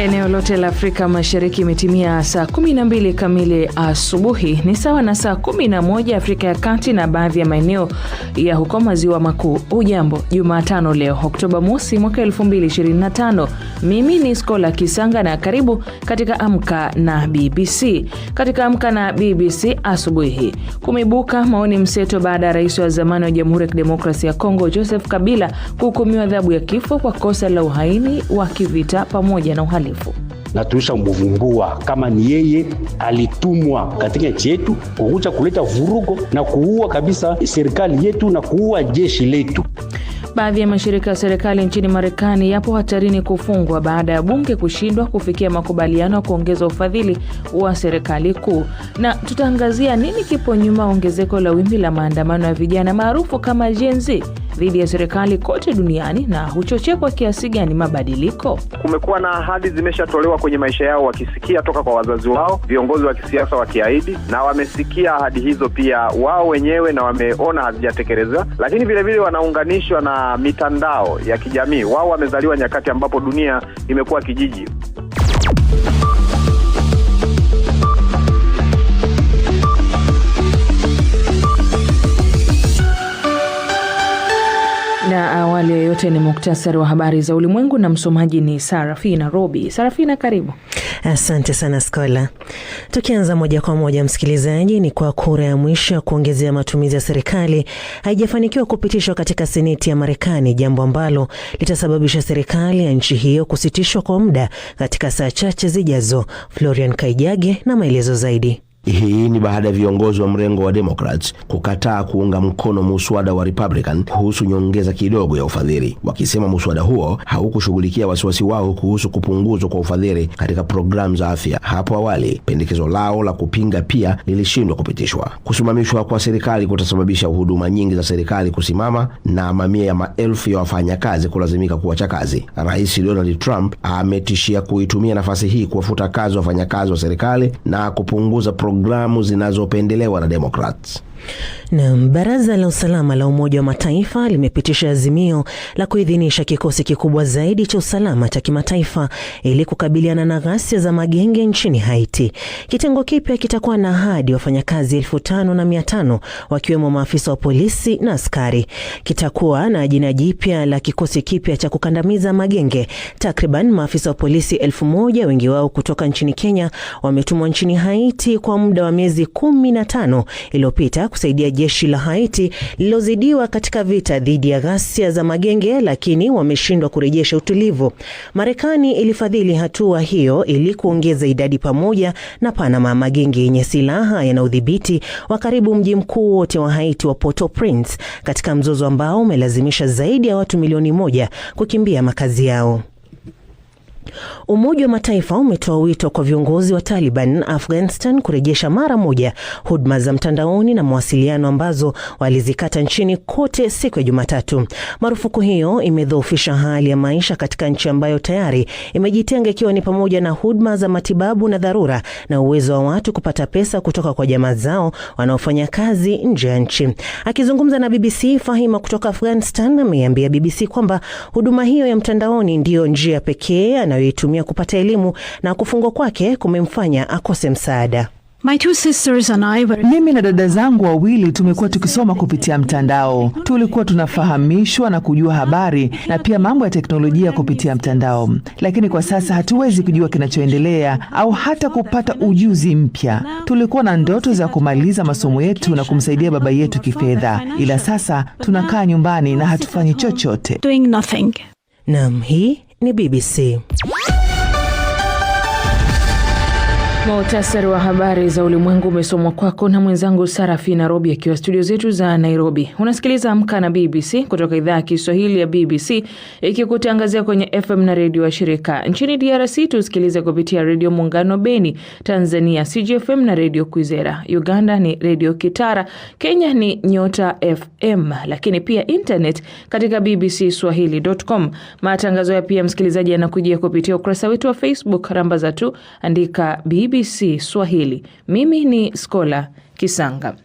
Eneo lote la Afrika Mashariki imetimia saa 12 kamili asubuhi, ni sawa na saa 11 Afrika ya Kati na baadhi ya maeneo ya huko maziwa makuu. Ujambo, Jumatano leo Oktoba mosi mwaka 2025. Mimi ni Skola Kisanga na karibu katika Amka na BBC. Katika Amka na BBC asubuhi hii kumeibuka maoni mseto baada ya rais wa zamani wa Jamhuri ya Kidemokrasia ya Kongo Joseph Kabila kuhukumiwa adhabu ya kifo kwa kosa la uhaini wa kivita pamoja na uhali uhalifu na tulishamvumbua kama ni yeye alitumwa katika nchi yetu kukuja kuleta vurugo na kuua kabisa serikali yetu na kuua jeshi letu. Baadhi ya mashirika ya serikali nchini Marekani yapo hatarini kufungwa baada ya bunge kushindwa kufikia makubaliano ya kuongeza ufadhili wa serikali kuu, na tutaangazia nini kipo nyuma ongezeko la wimbi la maandamano ya vijana maarufu kama Gen Z dhidi ya serikali kote duniani na huchochea kwa kiasi gani mabadiliko? Kumekuwa na ahadi zimeshatolewa kwenye maisha yao, wakisikia toka kwa wazazi wao, viongozi wa kisiasa wakiahidi, na wamesikia ahadi hizo pia wao wenyewe na wameona hazijatekelezwa, lakini vilevile wanaunganishwa na mitandao ya kijamii. Wao wamezaliwa nyakati ambapo dunia imekuwa kijiji. ya awali yoyote ni muktasari wa habari za ulimwengu, na msomaji ni Sarafina Robi. Sarafina, karibu. Asante sana Skola. Tukianza moja kwa moja, msikilizaji, ni kwa kura ya mwisho ya kuongezea matumizi ya serikali haijafanikiwa kupitishwa katika seneti ya Marekani, jambo ambalo litasababisha serikali ya nchi hiyo kusitishwa kwa muda katika saa chache zijazo. Florian Kaijage na maelezo zaidi. Hii ni baada ya viongozi wa mrengo wa Democrats kukataa kuunga mkono muswada wa Republican kuhusu nyongeza kidogo ya ufadhili, wakisema muswada huo haukushughulikia wasiwasi wao kuhusu kupunguzwa kwa ufadhili katika programu za afya. Hapo awali pendekezo lao la kupinga pia lilishindwa kupitishwa. Kusimamishwa kwa serikali kutasababisha huduma nyingi za serikali kusimama na mamia ya maelfu ya wafanyakazi kulazimika kuacha kazi. Rais Donald Trump ametishia kuitumia nafasi hii kuwafuta kazi wafanyakazi wa serikali na kupunguza programu programu zinazopendelewa na Democrats. Na baraza la usalama la Umoja wa Mataifa limepitisha azimio la kuidhinisha kikosi kikubwa zaidi cha usalama cha kimataifa ili kukabiliana na ghasia za magenge nchini Haiti. Kitengo kipya kitakuwa na hadi wafanyakazi elfu tano na mia tano wakiwemo maafisa wa polisi na askari. Kitakuwa na jina jipya la kikosi kipya cha kukandamiza magenge. Takriban maafisa wa polisi elfu moja wengi wao kutoka nchini Kenya wametumwa nchini Haiti kwa muda wa miezi 15 iliyopita kusaidia jeshi la Haiti lililozidiwa katika vita dhidi ya ghasia za magenge, lakini wameshindwa kurejesha utulivu. Marekani ilifadhili hatua hiyo ili kuongeza idadi pamoja na Panama, magenge yenye silaha udhibiti wa karibu mji mkuu wote wa Haiti wa Port-au-Prince katika mzozo ambao umelazimisha zaidi ya watu milioni moja kukimbia makazi yao. Umoja wa Mataifa umetoa wito kwa viongozi wa Taliban Afghanistan kurejesha mara moja huduma za mtandaoni na mawasiliano ambazo walizikata nchini kote siku ya Jumatatu. Marufuku hiyo imedhoofisha hali ya maisha katika nchi ambayo tayari imejitenga, ikiwa ni pamoja na huduma za matibabu na dharura na uwezo wa watu kupata pesa kutoka kwa jamaa zao wanaofanya kazi nje ya nchi. Akizungumza na BBC, Fahima kutoka Afghanistan ameambia BBC kwamba huduma hiyo ya mtandaoni ndiyo njia pekee anayoitumia kupata elimu na kufungwa kwake kumemfanya akose msaada. My two sisters and I were... Mimi na dada zangu wawili tumekuwa tukisoma kupitia mtandao. Tulikuwa tunafahamishwa na kujua habari na pia mambo ya teknolojia kupitia mtandao, lakini kwa sasa hatuwezi kujua kinachoendelea au hata kupata ujuzi mpya. Tulikuwa na ndoto za kumaliza masomo yetu na kumsaidia baba yetu kifedha, ila sasa tunakaa nyumbani na hatufanyi chochote. Naam, hii ni BBC. Muhtasari wa habari za ulimwengu umesomwa kwako na mwenzangu Sarafina Robi akiwa studio zetu za Nairobi. Unasikiliza Amka na BBC kutoka idhaa ya Kiswahili ya BBC ikikutangazia kwenye FM na redio wa shirika nchini DRC. Tusikilize kupitia Redio Muungano Beni, Tanzania CGFM na Redio Kwizera, Uganda ni Redio Kitara, Kenya ni Nyota FM, lakini pia internet katika BBC Swahili.com. Matangazo ya pia msikilizaji yanakujia kupitia ukurasa wetu wa Facebook, rambaza tu andika BBC BBC Swahili. Mimi ni Skola Kisanga.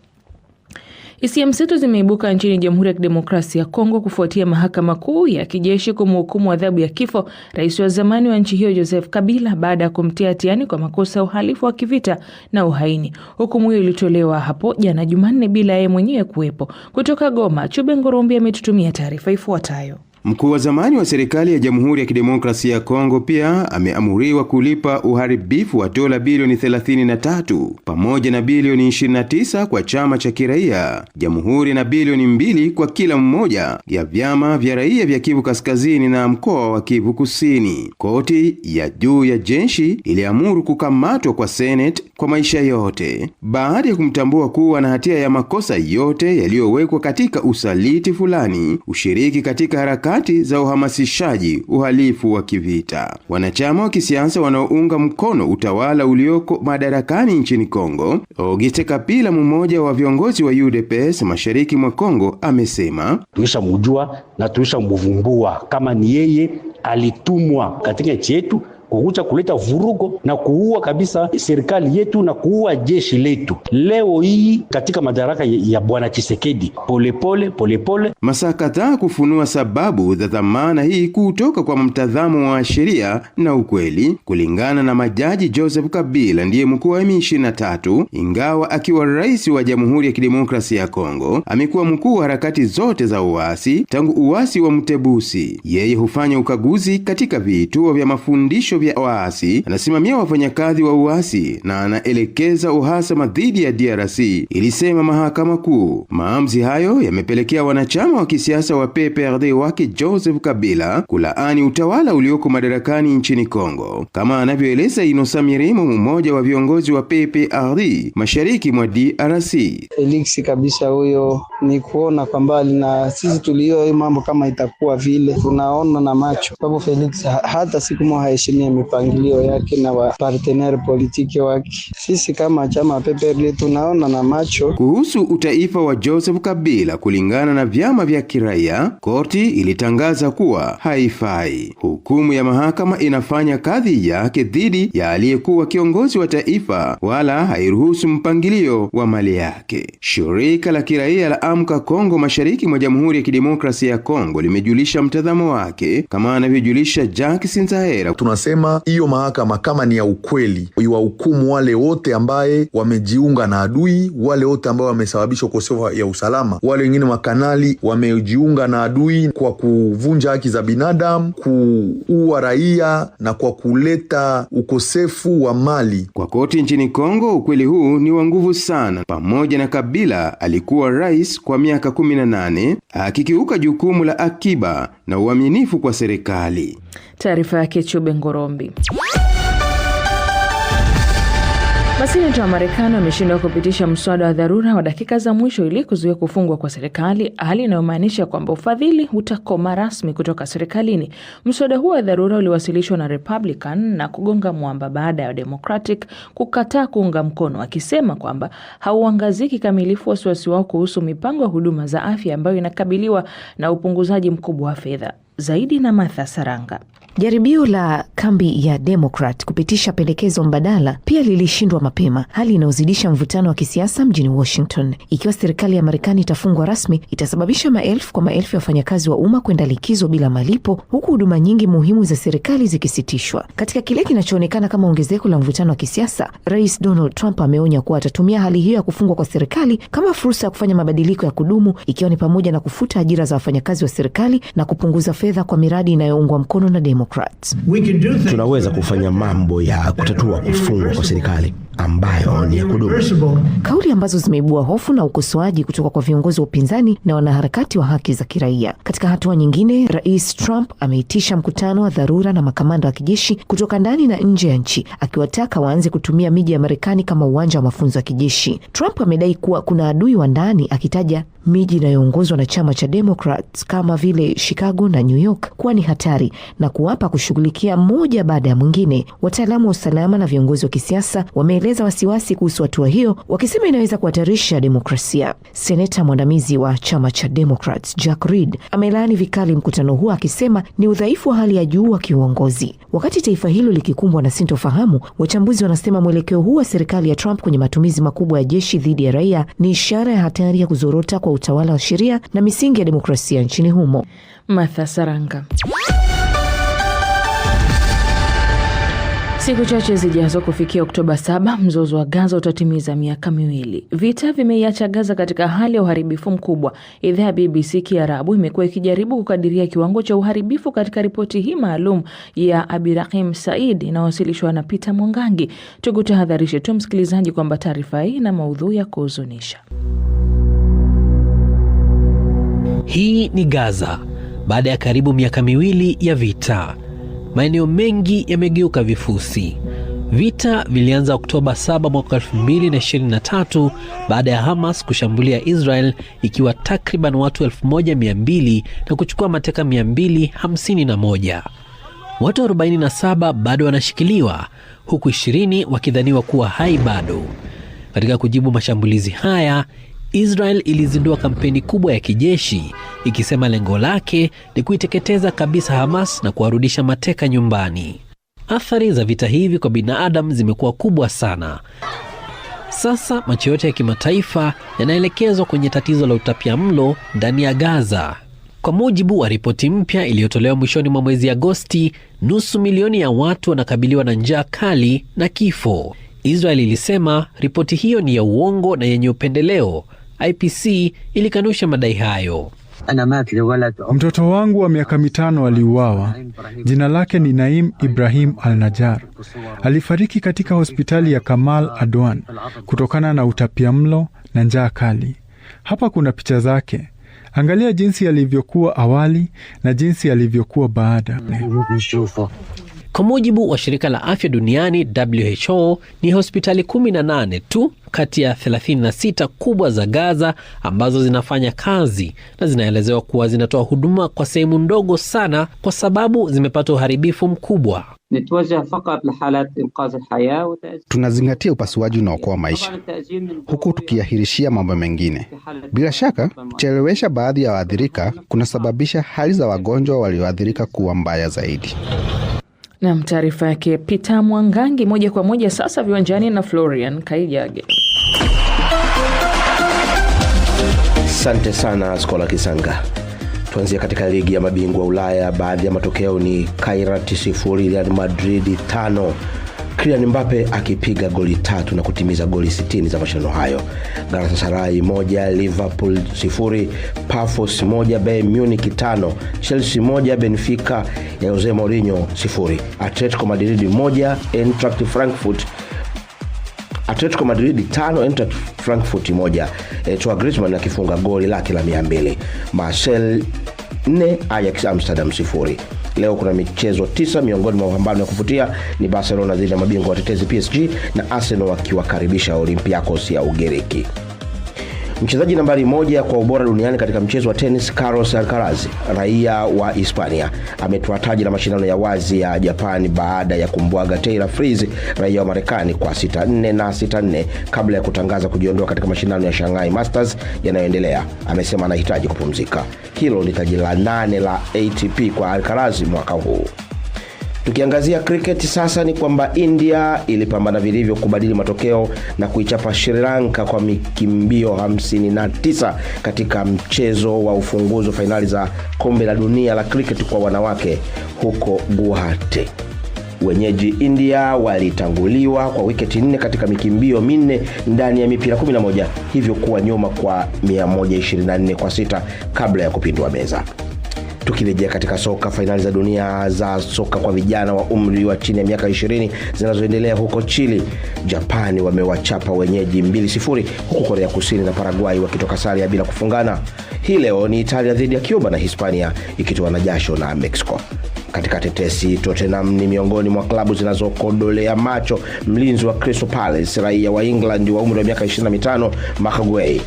Hisia mseto zimeibuka nchini Jamhuri ya Kidemokrasia ya Kongo kufuatia mahakama kuu ya kijeshi kumhukumu adhabu ya kifo rais wa zamani wa nchi hiyo Joseph Kabila baada ya kumtia hatiani kwa makosa ya uhalifu wa kivita na uhaini. Hukumu hiyo ilitolewa hapo jana Jumanne bila yeye mwenyewe kuwepo. Kutoka Goma, Chube Ngorombi ametutumia taarifa ifuatayo. Mkuu wa zamani wa serikali ya Jamhuri ya Kidemokrasia ya Kongo pia ameamuriwa kulipa uharibifu wa dola bilioni 33 pamoja na bilioni 29 kwa chama cha kiraia jamhuri na bilioni mbili kwa kila mmoja ya vyama vya raia vya Kivu Kaskazini na mkoa wa Kivu Kusini. Koti ya juu ya jeshi iliamuru kukamatwa kwa Senate kwa maisha yote baada ya kumtambua kuwa na hatia ya makosa yote yaliyowekwa katika usaliti fulani, ushiriki katika harakati harakati za uhamasishaji uhalifu wa kivita. Wanachama wa kisiasa wanaounga mkono utawala ulioko madarakani nchini Kongo, Auguste Kapila, mmoja wa viongozi wa UDPS mashariki mwa Kongo, amesema tuishamujua na tuishamuvumbua kama ni yeye alitumwa katika nchi yetu kukuja kuleta vurugo na kuua kabisa serikali yetu na kuua jeshi letu. Leo hii katika madaraka ya bwana Chisekedi, polepole polepole pole. Masaa kadhaa kufunua sababu za dhamana hii kutoka kwa mtazamo wa sheria na ukweli. Kulingana na majaji, Joseph Kabila ndiye mkuu wa M23, ingawa akiwa rais wa Jamhuri ya Kidemokrasia ya Kongo amekuwa mkuu wa harakati zote za uasi tangu uasi wa Mtebusi. Yeye hufanya ukaguzi katika vituo vya mafundisho vya waasi, anasimamia wafanyakazi wa uasi na anaelekeza uhasama dhidi ya DRC, ilisema mahakama kuu. Maamuzi hayo yamepelekea wanachama wa kisiasa wa PPRD wake Joseph Kabila kulaani utawala ulioko madarakani nchini Kongo, kama anavyoeleza Inosa Mirimo, mmoja wa viongozi wa PPRD mashariki mwa DRC. Felix kabisa huyo ni kuona kwa mbali na sisi tulio mambo kama itakuwa vile tunaona na macho, sababu Felix hata siku moja kwenye mipangilio yake na waparteneri politiki wake. Sisi kama chama PPRD tunaona na macho kuhusu utaifa wa Joseph Kabila. Kulingana na vyama vya kiraia, korti ilitangaza kuwa haifai. Hukumu ya mahakama inafanya kadhi yake dhidi ya aliyekuwa kiongozi wa taifa, wala hairuhusu mpangilio wa mali yake. Shirika la kiraia la Amka Kongo mashariki mwa Jamhuri ya Kidemokrasia ya Kongo limejulisha mtazamo wake kama anavyojulisha Jack Sinzahera. Tunasema anasema hiyo mahakama kama ni ya ukweli iwahukumu wale wote ambaye wamejiunga na adui, wale wote ambao wamesababisha ukosefu ya usalama, wale wengine makanali wamejiunga na adui kwa kuvunja haki za binadamu, kuua raia na kwa kuleta ukosefu wa mali. Kwa koti nchini Kongo, ukweli huu ni wa nguvu sana. Pamoja na Kabila alikuwa rais kwa miaka kumi na nane akikiuka jukumu la akiba na uaminifu kwa serikali. Taarifa yake Chube Ngorombi. Maseneta wa Marekani wameshindwa kupitisha mswada wa dharura wa dakika za mwisho ili kuzuia kufungwa kwa serikali, hali inayomaanisha kwamba ufadhili utakoma rasmi kutoka serikalini. Mswada huo wa dharura uliwasilishwa na Republican na kugonga mwamba baada ya Democratic kukataa kuunga mkono, akisema kwamba hauangazii kikamilifu wasiwasi wao kuhusu mipango ya huduma za afya ambayo inakabiliwa na upunguzaji mkubwa wa fedha zaidi na Martha Saranga. Jaribio la kambi ya Demokrat kupitisha pendekezo mbadala pia lilishindwa mapema, hali inayozidisha mvutano wa kisiasa mjini Washington. Ikiwa serikali ya Marekani itafungwa rasmi, itasababisha maelfu kwa maelfu ya wafanyakazi wa umma kwenda likizo bila malipo, huku huduma nyingi muhimu za serikali zikisitishwa. Katika kile kinachoonekana kama ongezeko la mvutano wa kisiasa, Rais Donald Trump ameonya kuwa atatumia hali hiyo ya kufungwa kwa serikali kama fursa ya kufanya mabadiliko ya kudumu, ikiwa ni pamoja na kufuta ajira za wafanyakazi wa serikali na kupunguza fedha kwa miradi inayoungwa mkono na Democrats. Tunaweza kufanya mambo ya kutatua kufungwa kwa serikali ambayo ni ya kudumu. Kauli ambazo zimeibua hofu na ukosoaji kutoka kwa viongozi wa upinzani na wanaharakati wa haki za kiraia. Katika hatua nyingine, Rais Trump ameitisha mkutano wa dharura na makamanda wa kijeshi kutoka ndani na nje ya nchi, akiwataka waanze kutumia miji ya Marekani kama uwanja wa mafunzo ya kijeshi. Trump amedai kuwa kuna adui wa ndani, akitaja miji inayoongozwa na chama cha Democrats kama vile Chicago na New York kuwa ni hatari na kuwapa kushughulikia moja baada ya mwingine. Wataalamu wa usalama na viongozi wa kisiasa wame wameeleza wasiwasi kuhusu hatua hiyo, wakisema inaweza kuhatarisha demokrasia. Seneta mwandamizi wa chama cha democrat Jack Reed amelaani vikali mkutano huo, akisema ni udhaifu wa hali ya juu wa kiuongozi. Wakati taifa hilo likikumbwa na sintofahamu, wachambuzi wanasema mwelekeo huu wa serikali ya Trump kwenye matumizi makubwa ya jeshi dhidi ya raia ni ishara ya hatari ya kuzorota kwa utawala wa sheria na misingi ya demokrasia nchini humo. Martha Saranga. Siku chache zijazo kufikia Oktoba 7 mzozo wa Gaza utatimiza miaka miwili. Vita vimeiacha Gaza katika hali ya uharibifu mkubwa. Idhaa ya BBC Kiarabu imekuwa ikijaribu kukadiria kiwango cha uharibifu katika ripoti hii maalum ya Abirahim Said inayowasilishwa na Peter Mwangangi. Tukutahadharishe tu msikilizaji kwamba taarifa hii ina maudhui ya kuhuzunisha. Hii ni Gaza baada ya karibu miaka miwili ya vita maeneo mengi yamegeuka vifusi. Vita vilianza Oktoba 7 mwaka 2023 baada ya Hamas kushambulia Israel ikiwa takriban watu 1200 na kuchukua mateka 251. Watu 47 bado wanashikiliwa huku 20 wakidhaniwa kuwa hai bado. Katika kujibu mashambulizi haya, Israel ilizindua kampeni kubwa ya kijeshi ikisema lengo lake ni kuiteketeza kabisa Hamas na kuwarudisha mateka nyumbani. Athari za vita hivi kwa binadamu zimekuwa kubwa sana. Sasa macho yote ya kimataifa yanaelekezwa kwenye tatizo la utapiamlo ndani ya Gaza. Kwa mujibu wa ripoti mpya iliyotolewa mwishoni mwa mwezi Agosti, nusu milioni ya watu wanakabiliwa na njaa kali na kifo. Israel ilisema ripoti hiyo ni ya uongo na yenye upendeleo, IPC ilikanusha madai hayo. Mtoto wangu wa miaka mitano aliuawa. Jina lake ni Naim Ibrahim Al Najar. Alifariki katika hospitali ya Kamal Adwan kutokana na utapiamlo na njaa kali. Hapa kuna picha zake. Angalia jinsi alivyokuwa awali na jinsi alivyokuwa baada. Kwa mujibu wa shirika la afya duniani WHO, ni hospitali 18 tu kati ya 36 kubwa za Gaza ambazo zinafanya kazi na zinaelezewa kuwa zinatoa huduma kwa sehemu ndogo sana, kwa sababu zimepata uharibifu mkubwa. Tunazingatia upasuaji unaokoa maisha huku tukiahirishia mambo mengine. Bila shaka, kuchelewesha baadhi ya waathirika kunasababisha hali za wagonjwa walioathirika kuwa mbaya zaidi nam taarifa yake Peter Mwangangi moja kwa moja sasa viwanjani na Florian Kaijage. Asante sana skola Kisanga. Tuanzia katika ligi ya mabingwa Ulaya. Baadhi ya matokeo ni Kairat sifuri Real Madrid tano Kylian Mbappe akipiga goli tatu na kutimiza goli 60 za mashindano hayo. Galatasaray moja Liverpool sifuri Pafos moja Bayern Munich tano Chelsea moja Benfica ya Jose Mourinho sifuri Atletico Madrid moja Eintracht Frankfurt Atletico Madrid tano Eintracht Frankfurt moja e, Toa Griezmann akifunga goli lake la 200 Marseille 4 Ajax Amsterdam sifuri Leo kuna michezo tisa, miongoni mwa mapambano ya kuvutia ni Barcelona dhidi ya mabingwa watetezi PSG na Arsenal wakiwakaribisha Olympiacos ya Ugiriki. Mchezaji nambari moja kwa ubora duniani katika mchezo wa tenis Carlos Alcaraz, raia wa Hispania, ametoa taji la mashindano ya wazi ya Japani baada ya kumbwaga Taylor Fritz, raia wa Marekani kwa 6-4 na 6-4 kabla ya kutangaza kujiondoa katika mashindano ya Shanghai Masters yanayoendelea. Amesema anahitaji kupumzika. Hilo ni taji la nane la ATP kwa Alcaraz mwaka huu. Tukiangazia cricket sasa, ni kwamba India ilipambana vilivyo kubadili matokeo na kuichapa Sri Lanka kwa mikimbio 59 katika mchezo wa ufunguzi wa fainali za kombe la dunia la cricket kwa wanawake huko Guwahati. Wenyeji India walitanguliwa kwa wiketi nne katika mikimbio minne ndani ya mipira 11 hivyo kuwa nyuma kwa 124 kwa sita kabla ya kupindua meza. Tukirejea katika soka, fainali za dunia za soka kwa vijana wa umri wa chini ya miaka 20 zinazoendelea huko Chile, Japani wamewachapa wenyeji 2 huku Korea Kusini na Paraguay wakitoka saria ya bila kufungana. Hii leo ni Italia dhidi ya Cuba na Hispania ikitoa na jasho na Mexico. Katika tetesi, Tottenham ni miongoni mwa klabu zinazokodolea macho mlinzi wa Crystal Palace, raia wa England wa umri wa miaka 25 Maguire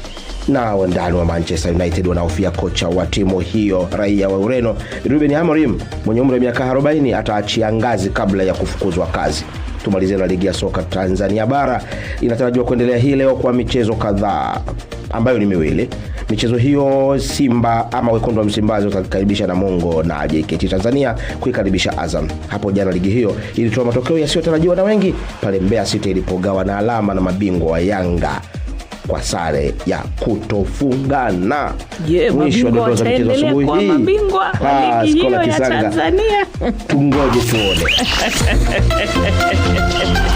na wandani wa Manchester United wanaofia kocha wa timu hiyo raia wa Ureno Ruben Amorim mwenye umri wa miaka 40 ataachia ngazi kabla ya kufukuzwa kazi. Tumalizie na ligi ya soka Tanzania bara inatarajiwa kuendelea hii leo kwa michezo kadhaa ambayo ni miwili. Michezo hiyo Simba ama wekundu wa Msimbazi watakaribisha Namungo na JKT Tanzania kuikaribisha Azam. Hapo jana ligi hiyo ilitoa matokeo yasiyotarajiwa na wengi pale mbea sita ilipogawa na alama na mabingwa wa Yanga kwa sare ya kutofungana. Mwisho wa dondoo za michezo asubuhi hii, ah, Kisanga, tungoje tuone.